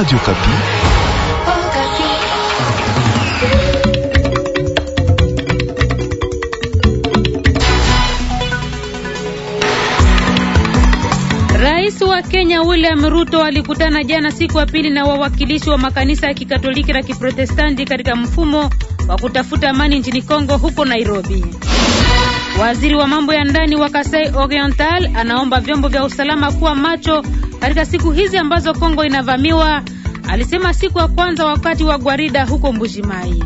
Radio Kapi. Rais wa Kenya William Ruto alikutana jana siku ya pili na wawakilishi wa makanisa ya Kikatoliki na Kiprotestanti katika mfumo wa kutafuta amani nchini Kongo huko Nairobi. Waziri wa mambo ya ndani wa Kasai Oriental anaomba vyombo vya usalama kuwa macho katika siku hizi ambazo Kongo inavamiwa, alisema siku ya kwanza wakati wa gwarida huko mbujimai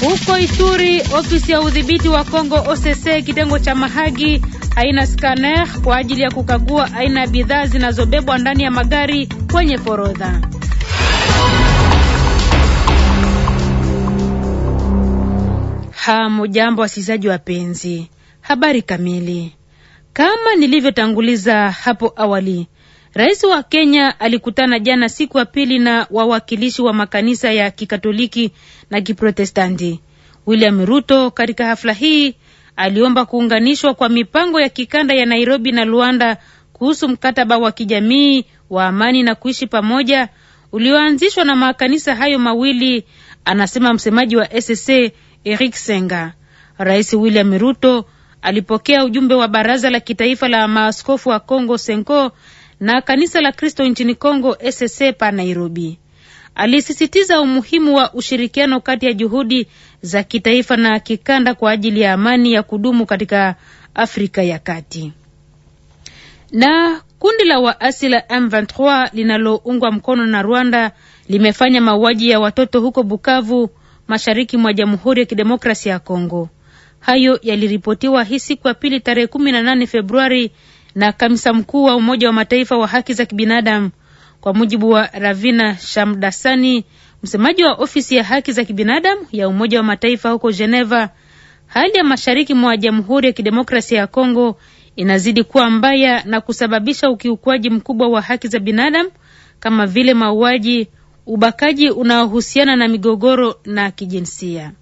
Huko Ituri, ofisi ya udhibiti wa Kongo OCC kitengo cha Mahagi haina scanner kwa ajili ya kukagua aina ya bidhaa zinazobebwa ndani ya magari kwenye forodha. Hamujambo wasikilizaji wapenzi, habari kamili kama nilivyotanguliza hapo awali, rais wa Kenya alikutana jana siku ya pili na wawakilishi wa makanisa ya Kikatoliki na Kiprotestanti. William Ruto katika hafla hii aliomba kuunganishwa kwa mipango ya kikanda ya Nairobi na Luanda kuhusu mkataba wa kijamii wa amani na kuishi pamoja ulioanzishwa na makanisa hayo mawili, anasema msemaji wa SSA Eric Senga. Rais William Ruto alipokea ujumbe wa Baraza la Kitaifa la Maaskofu wa congo Senko na Kanisa la Kristo nchini congo SSE pa Nairobi. Alisisitiza umuhimu wa ushirikiano kati ya juhudi za kitaifa na kikanda kwa ajili ya amani ya kudumu katika Afrika ya Kati. Na kundi la waasi la M23 linaloungwa mkono na Rwanda limefanya mauaji ya watoto huko Bukavu, mashariki mwa Jamhuri ya Kidemokrasia ya Kongo. Hayo yaliripotiwa hii siku ya pili tarehe kumi na nane Februari na kamisa mkuu wa Umoja wa Mataifa wa haki za kibinadamu, kwa mujibu wa Ravina Shamdasani, msemaji wa ofisi ya haki za kibinadamu ya Umoja wa Mataifa huko Geneva. Hali ya mashariki mwa Jamhuri ya Kidemokrasia ya Kongo inazidi kuwa mbaya na kusababisha ukiukwaji mkubwa wa haki za binadamu kama vile mauaji, ubakaji unaohusiana na migogoro na kijinsia.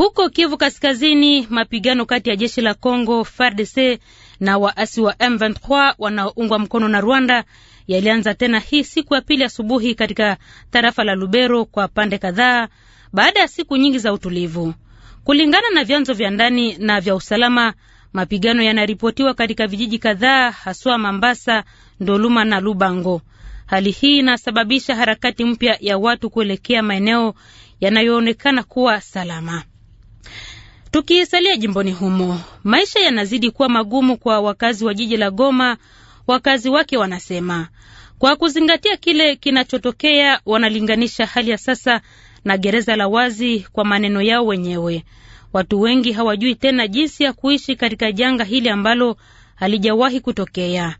Huko Kivu Kaskazini, mapigano kati ya jeshi la Congo FARDC na waasi wa M23 wanaoungwa mkono na Rwanda yalianza tena hii siku ya pili asubuhi katika tarafa la Lubero kwa pande kadhaa baada ya siku nyingi za utulivu. Kulingana na vyanzo vya ndani na vya usalama, mapigano yanaripotiwa katika vijiji kadhaa, haswa Mambasa, Ndoluma na Lubango. Hali hii inasababisha harakati mpya ya watu kuelekea maeneo yanayoonekana kuwa salama tukisalia jimboni humo, maisha yanazidi kuwa magumu kwa wakazi wa jiji la Goma. Wakazi wake wanasema kwa kuzingatia kile kinachotokea, wanalinganisha hali ya sasa na gereza la wazi. Kwa maneno yao wenyewe, watu wengi hawajui tena jinsi ya kuishi katika janga hili ambalo halijawahi kutokea.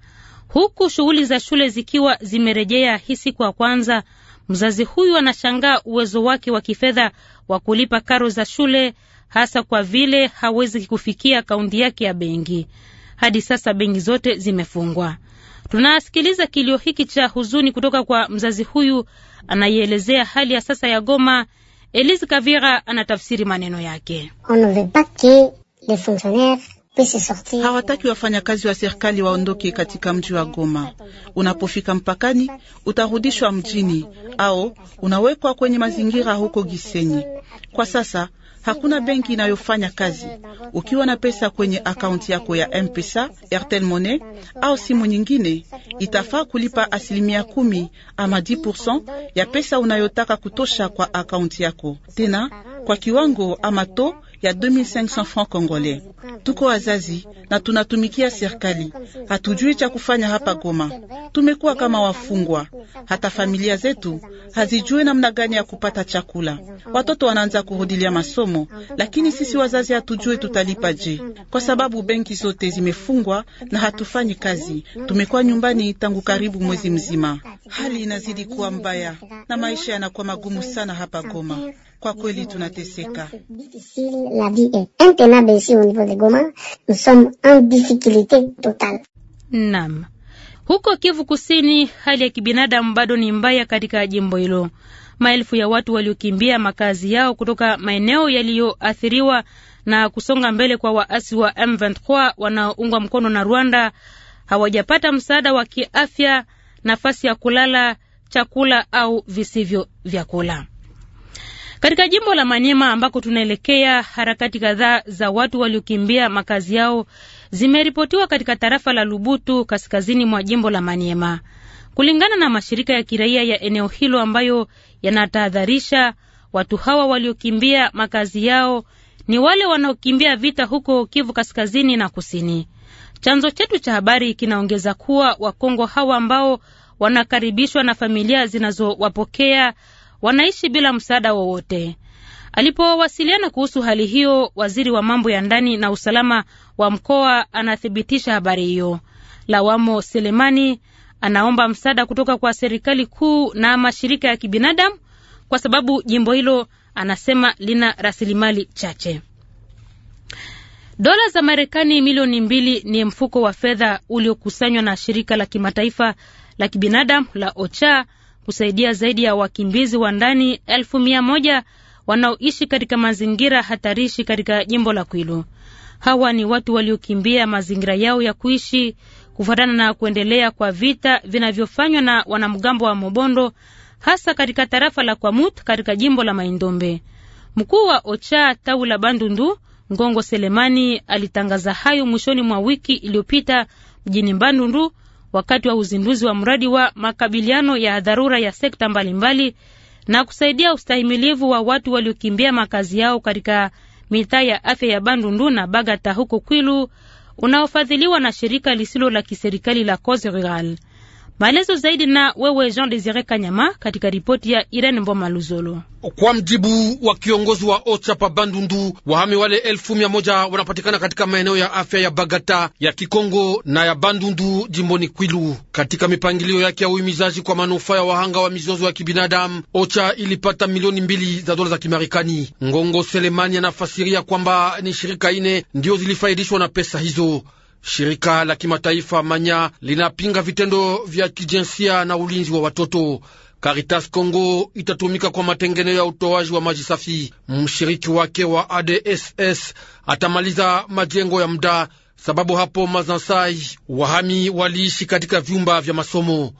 Huku shughuli za shule zikiwa zimerejea hii siku ya kwanza, mzazi huyu anashangaa uwezo wake wa kifedha wa kulipa karo za shule hasa kwa vile hawezi kufikia akaunti yake ya benki. Hadi sasa benki zote zimefungwa. Tunasikiliza kilio hiki cha huzuni kutoka kwa mzazi huyu anaielezea hali ya sasa ya Goma. Elise Kavira anatafsiri maneno yake. Hawataki wafanyakazi wa serikali waondoke katika mji wa Goma. Unapofika mpakani, utarudishwa mjini au unawekwa kwenye mazingira huko Gisenyi. Kwa sasa Hakuna benki inayofanya kazi. Ukiwa na pesa kwenye akaunti yako ya Mpesa, Airtel Money au simu nyingine, itafaa kulipa asilimia kumi ama 10% ya pesa unayotaka kutosha kwa akaunti yako, tena kwa kiwango ama to ya 2500 francs congolais. Tuko wazazi na tunatumikia serikali, hatujui cha kufanya hapa Goma. Tumekuwa kama wafungwa, hata familia zetu hazijui namna gani ya kupata chakula. Watoto wanaanza kurudilia masomo, lakini sisi wazazi hatujui tutalipaje, kwa sababu benki zote zimefungwa na hatufanyi kazi. Tumekuwa nyumbani tangu karibu mwezi mzima. Hali inazidi kuwa mbaya na maisha yanakuwa magumu sana hapa Goma. Kwa kweli tunateseka. Naam, huko Kivu Kusini hali ya kibinadamu bado ni mbaya katika jimbo hilo. Maelfu ya watu waliokimbia makazi yao kutoka maeneo yaliyoathiriwa na kusonga mbele kwa waasi wa M23 wanaoungwa mkono na Rwanda hawajapata msaada wa kiafya, nafasi ya kulala, chakula au visivyo vyakula. Katika jimbo la Manyema ambako tunaelekea, harakati kadhaa za watu waliokimbia makazi yao zimeripotiwa katika tarafa la Lubutu kaskazini mwa jimbo la Manyema, kulingana na mashirika ya kiraia ya eneo hilo ambayo yanatahadharisha watu hawa waliokimbia makazi yao ni wale wanaokimbia vita huko Kivu kaskazini na kusini. Chanzo chetu cha habari kinaongeza kuwa Wakongo hawa ambao wanakaribishwa na familia zinazowapokea wanaishi bila msaada wowote. Alipowasiliana kuhusu hali hiyo, waziri wa mambo ya ndani na usalama wa mkoa anathibitisha habari hiyo. Lawamo Selemani anaomba msaada kutoka kwa serikali kuu na mashirika ya kibinadamu kwa sababu jimbo hilo anasema lina rasilimali chache. Dola za Marekani milioni mbili ni mfuko wa fedha uliokusanywa na shirika la kimataifa la kibinadamu la OCHA kusaidia zaidi ya wakimbizi wa ndani elfu mia moja wanaoishi katika mazingira hatarishi katika jimbo la Kwilu. Hawa ni watu waliokimbia mazingira yao ya kuishi kufuatana na kuendelea kwa vita vinavyofanywa na wanamgambo wa Mobondo, hasa katika tarafa la Kwamut katika jimbo la Maindombe. Mkuu wa OCHA tawi la Bandundu Ngongo Selemani alitangaza hayo mwishoni mwa wiki iliyopita mjini Bandundu wakati wa uzinduzi wa mradi wa makabiliano ya dharura ya sekta mbalimbali mbali, na kusaidia ustahimilivu wa watu waliokimbia makazi yao katika mitaa ya afya ya Bandundu na Bagata huko Kwilu unaofadhiliwa na shirika lisilo la kiserikali la Cause Rurale. Maelezo zaidi na wewe Jean Desire Kanyama katika ripoti ya Irene Mboma Luzolo. Kwa mjibu wa kiongozi wa OCHA pa Bandundu, wahami wale elfu mia moja wanapatikana katika maeneo ya afya ya Bagata, ya Kikongo na ya Bandundu jimboni Kwilu. Katika mipangilio yake ya uhimizaji kwa manufaa ya wahanga wa mizozo ya kibinadamu, OCHA ilipata milioni mbili za dola za Kimarekani. Ngongo Selemani anafasiria kwamba ni shirika ine ndiyo zilifaidishwa na pesa hizo. Shirika la kimataifa Manya linapinga vitendo vya kijinsia na ulinzi wa watoto. Caritas Congo itatumika kwa matengenezo ya utoaji wa maji safi. Mshiriki wake wa ADSS atamaliza majengo ya muda, sababu hapo Mazansai wahami waliishi katika vyumba vya masomo.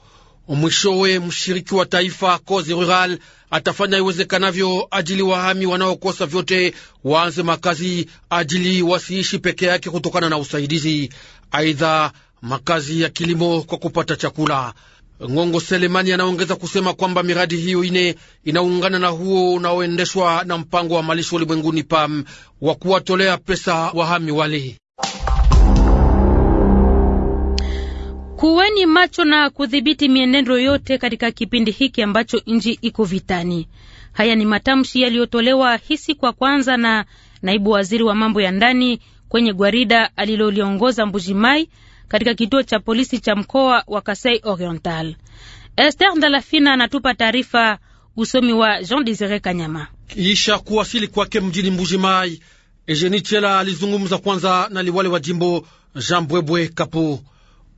Mwishowe, mshiriki wa taifa Kozi Rural atafanya iwezekanavyo ajili wahami wanaokosa vyote waanze makazi, ajili wasiishi peke yake kutokana na usaidizi. Aidha, makazi ya kilimo kwa kupata chakula. Ngongo Selemani anaongeza kusema kwamba miradi hiyo ine inaungana na huo unaoendeshwa na mpango wa malisho ulimwenguni PAM wa kuwatolea pesa wahami wale. Kuweni macho na kudhibiti mienendo yote katika kipindi hiki ambacho nchi iko vitani. Haya ni matamshi yaliyotolewa hisi kwa kwanza na naibu waziri wa mambo ya ndani kwenye gwarida aliloliongoza Mbujimai katika kituo cha polisi cha mkoa wa Kasai Oriental. Esther Ndalafina anatupa taarifa, usomi wa Jean Desire Kanyama. Kisha kuwasili kwake mjini Mbujimai, Ejeni Chela alizungumza kwanza na liwali wa jimbo Jean Bwebwe Kapu.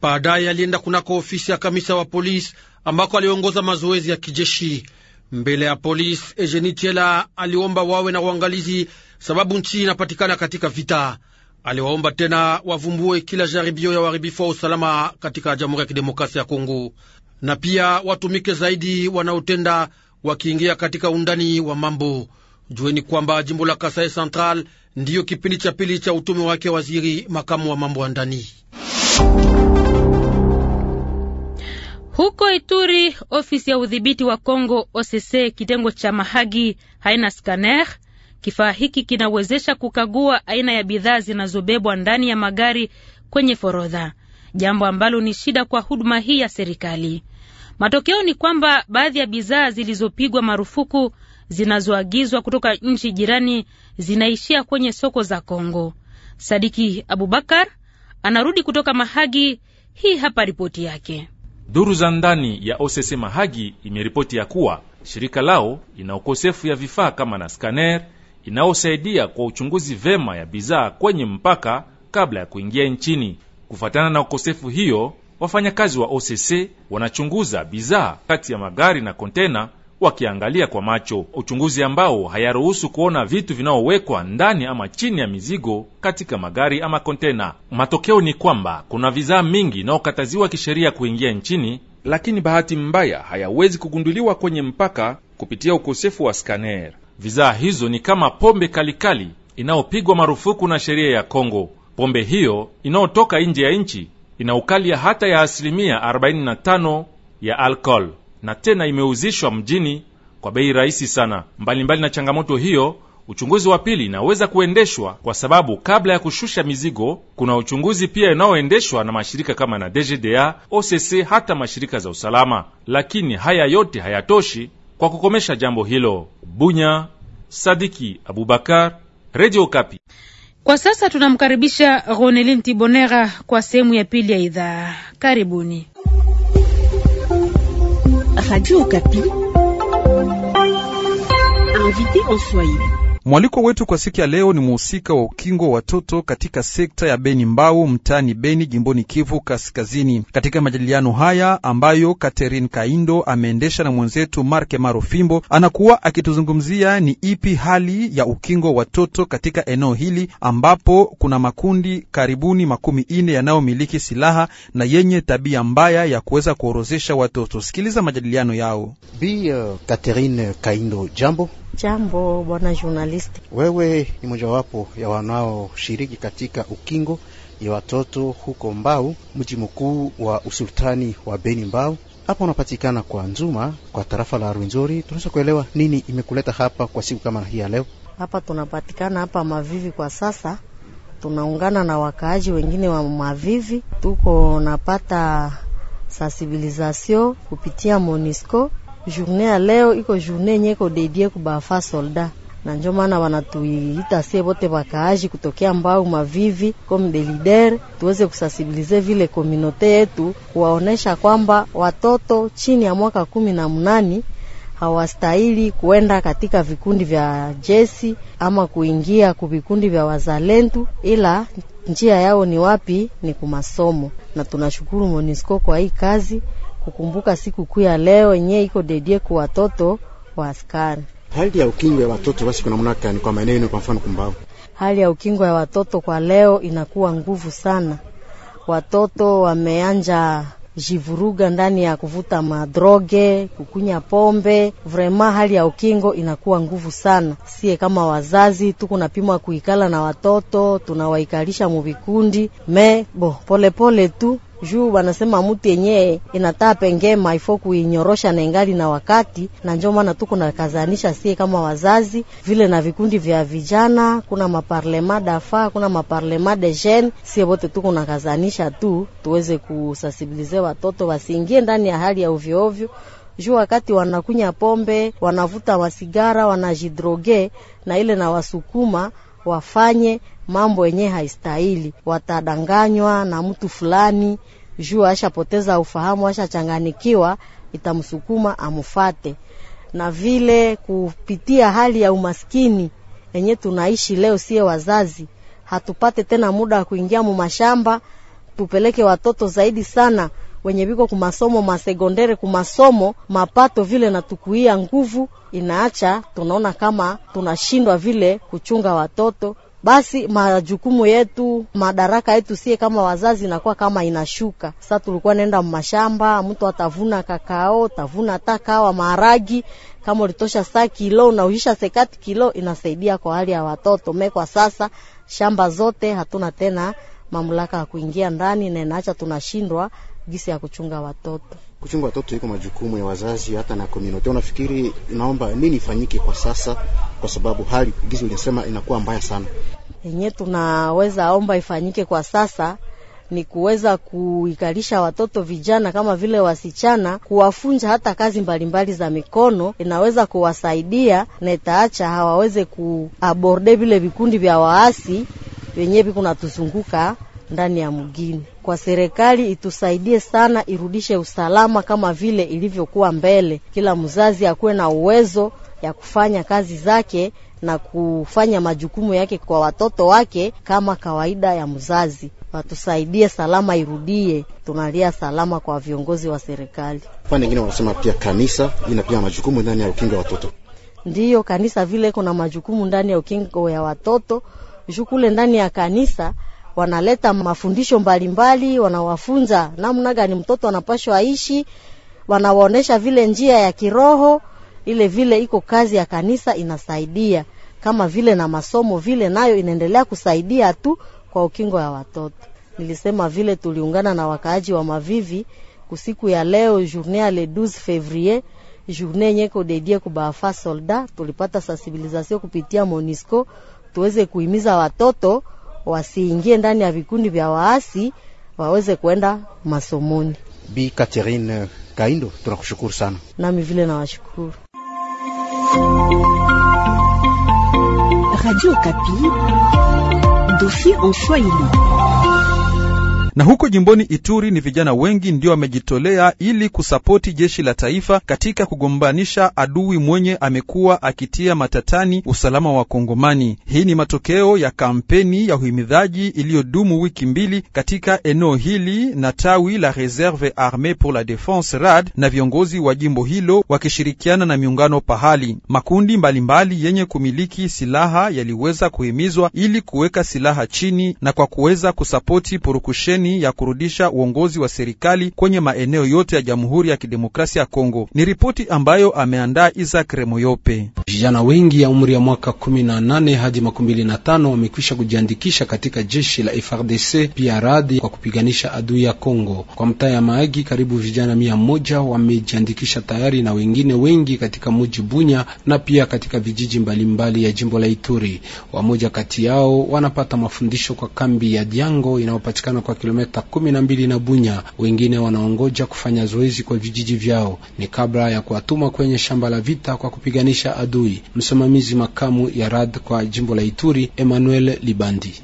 Baadaye alienda kunako ofisi ya kamisa wa polisi ambako aliongoza mazoezi ya kijeshi mbele ya polisi. Ejeni Chela aliomba wawe na uangalizi, sababu nchi inapatikana katika vita. Aliwaomba tena wavumbue kila jaribio ya uharibifu wa usalama katika Jamhuri ya Kidemokrasia ya Kongo, na pia watumike zaidi wanaotenda wakiingia katika undani wa mambo. Jueni kwamba jimbo la Kasai Central ndiyo kipindi cha pili cha utumi wake waziri makamu wa mambo ya ndani huko Ituri, ofisi ya udhibiti wa Kongo OCC kitengo cha Mahagi haina scaner Kifaa hiki kinawezesha kukagua aina ya bidhaa zinazobebwa ndani ya magari kwenye forodha, jambo ambalo ni shida kwa huduma hii ya serikali. Matokeo ni kwamba baadhi ya bidhaa zilizopigwa marufuku zinazoagizwa kutoka nchi jirani zinaishia kwenye soko za Kongo. Sadiki Abubakar anarudi kutoka Mahagi. Hii hapa ripoti yake. Duru za ndani ya OCC Mahagi imeripoti ya kuwa shirika lao ina ukosefu ya vifaa kama na skaner inayosaidia kwa uchunguzi vema ya bidhaa kwenye mpaka kabla ya kuingia nchini. Kufuatana na ukosefu hiyo, wafanyakazi wa OCC wanachunguza bidhaa kati ya magari na kontena wakiangalia kwa macho, uchunguzi ambao hayaruhusu kuona vitu vinaowekwa ndani ama chini ya mizigo katika magari ama kontena. Matokeo ni kwamba kuna vizaa mingi inaokataziwa kisheria kuingia nchini, lakini bahati mbaya hayawezi kugunduliwa kwenye mpaka kupitia ukosefu wa skaner. Vizaa hizo ni kama pombe kalikali inayopigwa marufuku na sheria ya Kongo. Pombe hiyo inayotoka nje ya nchi ina ukali hata ya asilimia 45 ya alkohol na tena imeuzishwa mjini kwa bei rahisi sana. Mbalimbali mbali na changamoto hiyo, uchunguzi wa pili inaweza kuendeshwa kwa sababu kabla ya kushusha mizigo, kuna uchunguzi pia inayoendeshwa na mashirika kama na DGDA, OCC, hata mashirika za usalama. Lakini haya yote hayatoshi kwa kukomesha jambo hilo. Bunya, Sadiki Abubakar, Radio Kapi. Kwa sasa tunamkaribisha Ronelin Tibonera kwa sehemu ya pili ya idhaa. Karibuni. Radio Okapi, invité en Swahili. Mwaliko wetu kwa siku ya leo ni mhusika wa ukingo wa watoto katika sekta ya Beni Mbau mtaani Beni jimboni Kivu Kaskazini. Katika majadiliano haya ambayo Catherine Kaindo ameendesha na mwenzetu Marke Marofimbo, anakuwa akituzungumzia ni ipi hali ya ukingo wa watoto katika eneo hili ambapo kuna makundi karibuni makumi nne yanayomiliki silaha na yenye tabia mbaya ya kuweza kuorozesha watoto. Sikiliza majadiliano yao. Bi eh, Catherine Kaindo, jambo. Jambo bwana journalist, wewe ni mojawapo ya wanaoshiriki katika ukingo ya watoto huko Mbau, mji mkuu wa usultani wa Beni. Mbau hapa unapatikana kwa Nzuma, kwa tarafa la Rwenzori. Tunaweza kuelewa nini imekuleta hapa kwa siku kama hii ya leo? Hapa tunapatikana hapa Mavivi kwa sasa, tunaungana na wakaaji wengine wa Mavivi, tuko napata sensibilisation kupitia Monisco Journée ya leo iko journée yenye iko dedie kubafa soldat na njo maana wanatuita sie bote wakaaji kutokea Mbau Mavivi comme de leader, tuweze kusensibilize vile kominote yetu, kuwaonesha kwamba watoto chini ya mwaka kumi na mnani hawastahili kuenda katika vikundi vya jesi ama kuingia kuvikundi vya wazalendu, ila njia yao ni wapi? Ni kumasomo. Na tunashukuru Monisco kwa hii kazi kukumbuka siku kuu ya leo yenye iko dedie kwa watoto wa askari. Hali ya ukingo ya watoto basi kuna mnaka ni kwa maeneo kwa mfano Kumbavu. Hali ya ukingo ya watoto kwa leo inakuwa nguvu sana. Watoto wameanja jivuruga ndani ya kuvuta madroge, kukunya pombe. Vraiment hali ya ukingo inakuwa nguvu sana. Sie kama wazazi tuko pima kuikala na watoto, tunawaikalisha muvikundi me bo polepole pole tu juu wanasema mtu yenye inataa pengema ifo kuinyorosha na ingali na wakati, na njo maana tuko na kazanisha sie kama wazazi vile na vikundi vya vijana, kuna maparlema dafa, kuna maparlema de jeune, sie wote tuko na kazanisha tu tuweze kusasibilize watoto wasiingie ndani ya hali ya ovyo juu wakati wanakunya pombe, wanavuta masigara, wanajidroge na ile na wasukuma wafanye mambo yenye haistahili, watadanganywa na mtu fulani juu ashapoteza ufahamu, ashachanganikiwa, itamsukuma amufate. Na vile kupitia hali ya umaskini yenye tunaishi leo, sie wazazi hatupate tena muda wa kuingia mumashamba tupeleke watoto zaidi sana wenye biko kumasomo masegondere kumasomo mapato vile natukuia nguvu inaacha, tunaona kama tunashindwa vile kuchunga watoto basi majukumu yetu madaraka yetu sie kama wazazi inakuwa kama inashuka. Sasa tulikuwa nenda mashamba, mtu atavuna kakao, tavuna hata kawa maharagi, kama ulitosha saa kilo nauhisha sekati kilo, inasaidia kwa hali ya watoto me. Kwa sasa shamba zote hatuna tena mamlaka ya kuingia ndani, na inaacha tunashindwa gisi ya kuchunga watoto. Kuchunga watoto iko majukumu ya wazazi hata na community. Unafikiri naomba nini ifanyike kwa sasa, kwa sababu hali gisi ulisema inakuwa mbaya sana? Yenye tunaweza omba ifanyike kwa sasa ni kuweza kuikalisha watoto vijana kama vile wasichana, kuwafunza hata kazi mbalimbali za mikono, inaweza kuwasaidia na itaacha hawaweze kuaborde vile vikundi vya waasi vyenye natuzunguka ndani ya mgini. Kwa serikali itusaidie sana, irudishe usalama kama vile ilivyokuwa mbele. Kila mzazi akuwe na uwezo ya kufanya kazi zake na kufanya majukumu yake kwa watoto wake kama kawaida ya mzazi. Watusaidie salama irudie, tunalia salama kwa viongozi wa serikali. Pande nyingine wanasema pia kanisa ina pia majukumu ndani ya ukingo wa watoto. Ndiyo, kanisa vile kuna majukumu ndani ya ukingo ya watoto shukule ndani ya kanisa wanaleta mafundisho mbalimbali mbali, wanawafunza namna gani mtoto anapashwa aishi, wanawaonesha vile njia ya kiroho ile vile iko kazi ya kanisa inasaidia kama vile na masomo vile nayo inaendelea kusaidia tu kwa ukingo ya watoto. Nilisema vile tuliungana na wakaaji wa Mavivi kusiku ya leo journée ya le 12 février, journée yenye kodedie kubafa soldat. Tulipata sensibilizasio kupitia Monisco tuweze kuhimiza watoto wasiingie ndani ya vikundi vya waasi, waweze kwenda masomoni. Bi Catherine Kaindo, tunakushukuru sana. Nami vile nawashukuru. Radio Kapi, dossier en Swahili. Na huko jimboni Ituri ni vijana wengi ndio wamejitolea ili kusapoti jeshi la taifa katika kugombanisha adui mwenye amekuwa akitia matatani usalama wa Kongomani. Hii ni matokeo ya kampeni ya uhimidhaji iliyodumu wiki mbili katika eneo hili na tawi la Reserve Armee pour la Defense RAD na viongozi wa jimbo hilo wakishirikiana na miungano pahali. Makundi mbalimbali mbali yenye kumiliki silaha yaliweza kuhimizwa ili kuweka silaha chini na kwa kuweza kusapoti purukusheni kampeni ya kurudisha uongozi wa serikali kwenye maeneo yote ya Jamhuri ya Kidemokrasia ya Kongo. Ni ripoti ambayo ameandaa isak Remoyope. Vijana wengi ya umri ya mwaka 18 hadi 25 wamekwisha kujiandikisha katika jeshi la FRDC pia radi kwa kupiganisha adui ya Kongo. Kwa mtaa ya Maagi, karibu vijana mia moja wamejiandikisha tayari na wengine wengi katika muji Bunya na pia katika vijiji mbalimbali mbali ya jimbo la Ituri. Wamoja kati yao wanapata mafundisho kwa kambi ya Diango inayopatikana kwa kilo kilomita kumi na mbili na Bunya. Wengine wanaongoja kufanya zoezi kwa vijiji vyao, ni kabla ya kuwatuma kwenye shamba la vita kwa kupiganisha adui. Msimamizi makamu ya RAD kwa jimbo la Ituri, Emmanuel Libandi: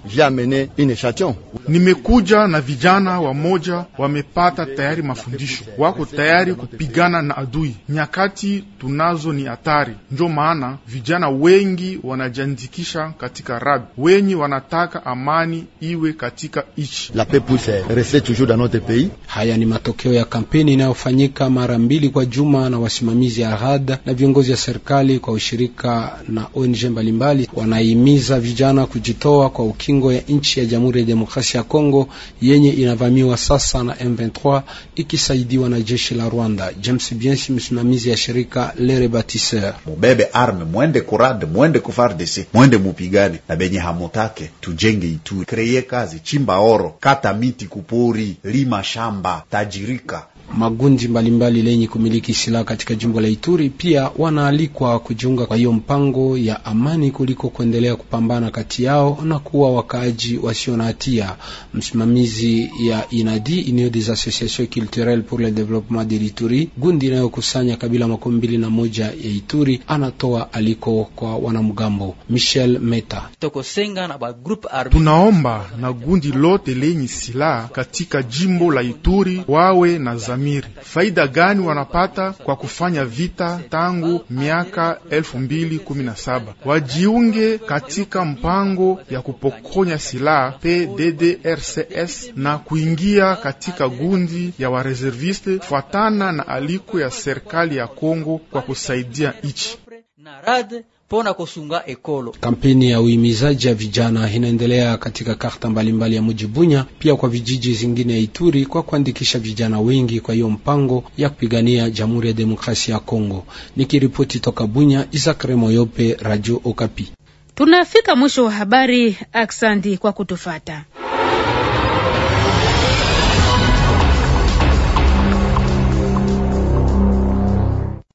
nimekuja na vijana wamoja, wamepata tayari mafundisho, wako tayari kupigana na adui. Nyakati tunazo ni hatari, njo maana vijana wengi wanajiandikisha katika RAD wenye wanataka amani iwe katika ichi la pepu c'est rester toujours dans notre pays. Haya ni matokeo ya kampeni inayofanyika mara mbili kwa juma na wasimamizi ya RADA na viongozi ya serikali kwa ushirika na ONG mbalimbali, wanahimiza vijana kujitoa kwa ukingo ya nchi ya Jamhuri ya Demokrasia ya Kongo yenye inavamiwa sasa na M23 ikisaidiwa na jeshi la Rwanda. James Biensi, msimamizi ya shirika Lere Batisseur: mubebe arme mwende kurade, mwende kufardesi, mwende mupigane na benye hamutake, tujenge Ituri, kreye kazi, chimba oro, kata mi miti kupori, lima shamba, tajirika magundi mbalimbali lenye kumiliki silaha katika jimbo la Ituri pia wanaalikwa kujiunga kwa hiyo mpango ya amani kuliko kuendelea kupambana kati yao na kuwa wakaaji wasio na hatia. Msimamizi ya inadi Union des Associations Culturelles pour le Développement de l'Ituri, gundi inayokusanya kabila makumi mbili na moja ya Ituri, anatoa aliko kwa wanamgambo Michel Meta: tunaomba na gundi lote lenye silaha katika jimbo la Ituri wawe na Amiri. Faida gani wanapata kwa kufanya vita tangu miaka elfu mbili kumi na saba? Wajiunge katika mpango ya kupokonya silaha PDDRCS na kuingia katika gundi ya wareserviste, fuatana na aliko ya serikali ya Kongo kwa kusaidia ichi pona kusunga ekolo. Kampeni ya uhimizaji ya vijana inaendelea katika karta mbalimbali ya mji Bunya, pia kwa vijiji zingine ya Ituri kwa kuandikisha vijana wengi kwa hiyo mpango ya kupigania Jamhuri ya Demokrasia ya Kongo. Nikiripoti toka Bunya, Isaac Remoyope, Radio Okapi. Tunafika mwisho wa habari. Aksandi kwa kutufata.